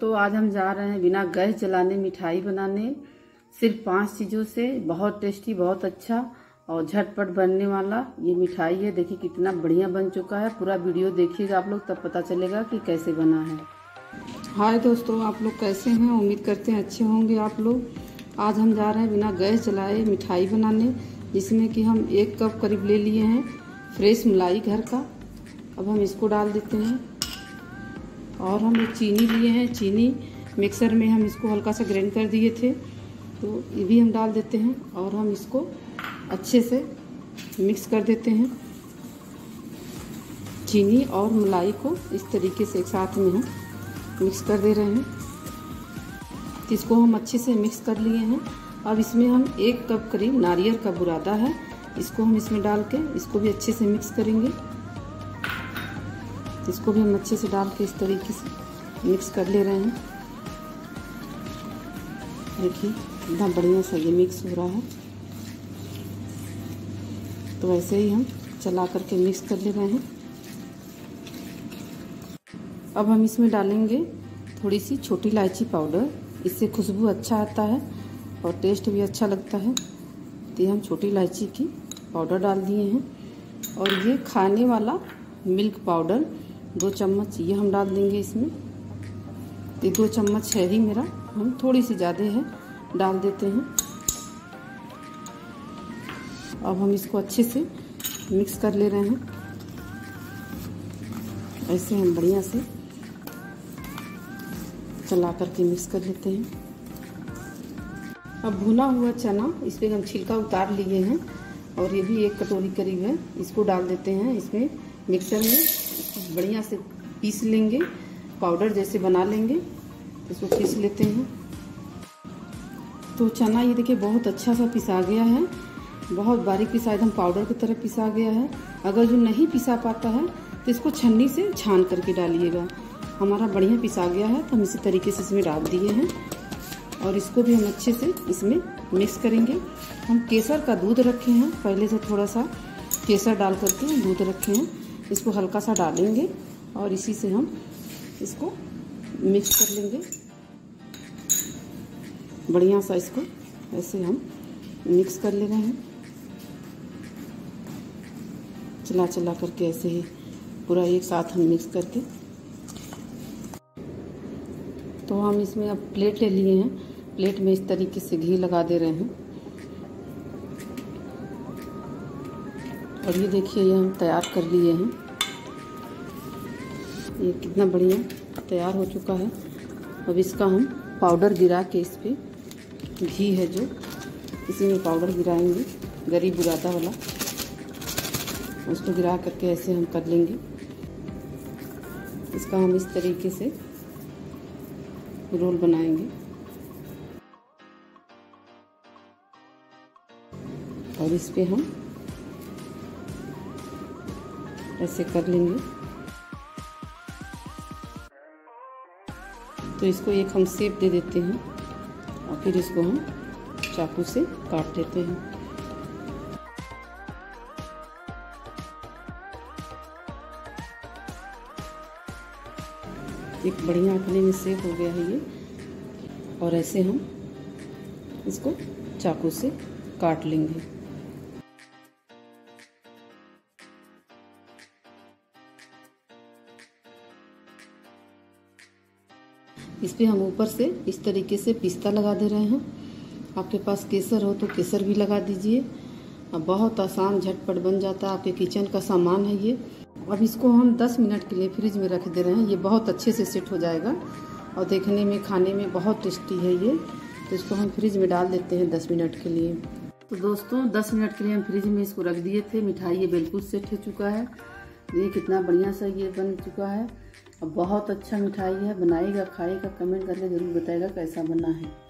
दोस्तों आज हम जा रहे हैं बिना गैस जलाने मिठाई बनाने सिर्फ पांच चीज़ों से बहुत टेस्टी बहुत अच्छा और झटपट बनने वाला ये मिठाई है देखिए कितना बढ़िया बन चुका है पूरा वीडियो देखिएगा आप लोग तब पता चलेगा कि कैसे बना है हाय दोस्तों आप लोग कैसे हैं उम्मीद करते हैं अच्छे होंगे आप लोग आज हम जा रहे हैं बिना गैस जलाए मिठाई बनाने जिसमें कि हम एक कप करीब ले लिए हैं फ्रेश मलाई घर का अब हम इसको डाल देते हैं और हम चीनी लिए हैं चीनी मिक्सर में हम इसको हल्का सा ग्रैंड कर दिए थे तो ये भी हम डाल देते हैं और हम इसको अच्छे से मिक्स कर देते हैं चीनी और मलाई को इस तरीके से एक साथ में हम मिक्स कर दे रहे हैं तो इसको हम अच्छे से मिक्स कर लिए हैं अब इसमें हम एक कप करीब नारियल का बुरादा है इसको हम इसमें डाल के इसको भी अच्छे से मिक्स करेंगे इसको भी हम अच्छे से डाल के इस तरीके से मिक्स कर ले रहे हैं देखिए इतना बढ़िया से ये मिक्स हो रहा है तो ऐसे ही हम चला करके मिक्स कर ले रहे हैं अब हम इसमें डालेंगे थोड़ी सी छोटी इलायची पाउडर इससे खुशबू अच्छा आता है और टेस्ट भी अच्छा लगता है तो हम छोटी इलायची की पाउडर डाल दिए हैं और ये खाने वाला मिल्क पाउडर दो चम्मच ये हम डाल देंगे इसमें ये दो चम्मच है ही मेरा हम थोड़ी सी ज़्यादा है डाल देते हैं अब हम इसको अच्छे से मिक्स कर ले रहे हैं ऐसे हम बढ़िया से चला करके मिक्स कर लेते हैं अब भुना हुआ चना इस पर हम छिलका उतार लिए हैं और ये भी एक कटोरी करीब है इसको डाल देते हैं इसमें मिक्सर में बढ़िया से पीस लेंगे पाउडर जैसे बना लेंगे तो इसको पीस लेते हैं तो चना ये देखिए बहुत अच्छा सा पिसा गया है बहुत बारीक पिसा एकदम पाउडर की तरह पिसा गया है अगर जो नहीं पिसा पाता है तो इसको छन्नी से छान करके डालिएगा हमारा बढ़िया पिसा गया है तो हम इसी तरीके से इसमें डाल दिए हैं और इसको भी हम अच्छे से इसमें मिक्स करेंगे हम केसर का दूध रखे हैं पहले से थोड़ा सा केसर डाल करके दूध रखे हैं इसको हल्का सा डालेंगे और इसी से हम इसको मिक्स कर लेंगे बढ़िया सा इसको ऐसे हम मिक्स कर ले रहे हैं चला चला करके ऐसे ही पूरा एक साथ हम मिक्स करके तो हम इसमें अब प्लेट ले लिए हैं प्लेट में इस तरीके से घी लगा दे रहे हैं और ये देखिए ये हम तैयार कर लिए हैं ये कितना बढ़िया तैयार हो चुका है अब इसका हम पाउडर गिरा के इस पर घी है जो इसी में पाउडर गिराएंगे गरीब बुरादा वाला उसको गिरा करके ऐसे हम कर लेंगे इसका हम इस तरीके से रोल बनाएंगे और इस पर हम ऐसे कर लेंगे तो इसको एक हम सेप दे देते हैं और फिर इसको हम चाकू से काट देते हैं एक बढ़िया अपने में सेप हो गया है ये और ऐसे हम इसको चाकू से काट लेंगे इस पर हम ऊपर से इस तरीके से पिस्ता लगा दे रहे हैं आपके पास केसर हो तो केसर भी लगा दीजिए अब बहुत आसान झटपट बन जाता है आपके किचन का सामान है ये अब इसको हम 10 मिनट के लिए फ्रिज में रख दे रहे हैं ये बहुत अच्छे से सेट हो जाएगा और देखने में खाने में बहुत टेस्टी है ये तो इसको हम फ्रिज में डाल देते हैं 10 मिनट के लिए तो दोस्तों 10 मिनट के लिए हम फ्रिज में इसको रख दिए थे मिठाई ये बिल्कुल सेट हो चुका है ये कितना बढ़िया सा ये बन चुका है और बहुत अच्छा मिठाई है बनाएगा खाएगा कमेंट करके ज़रूर बताएगा कैसा बना है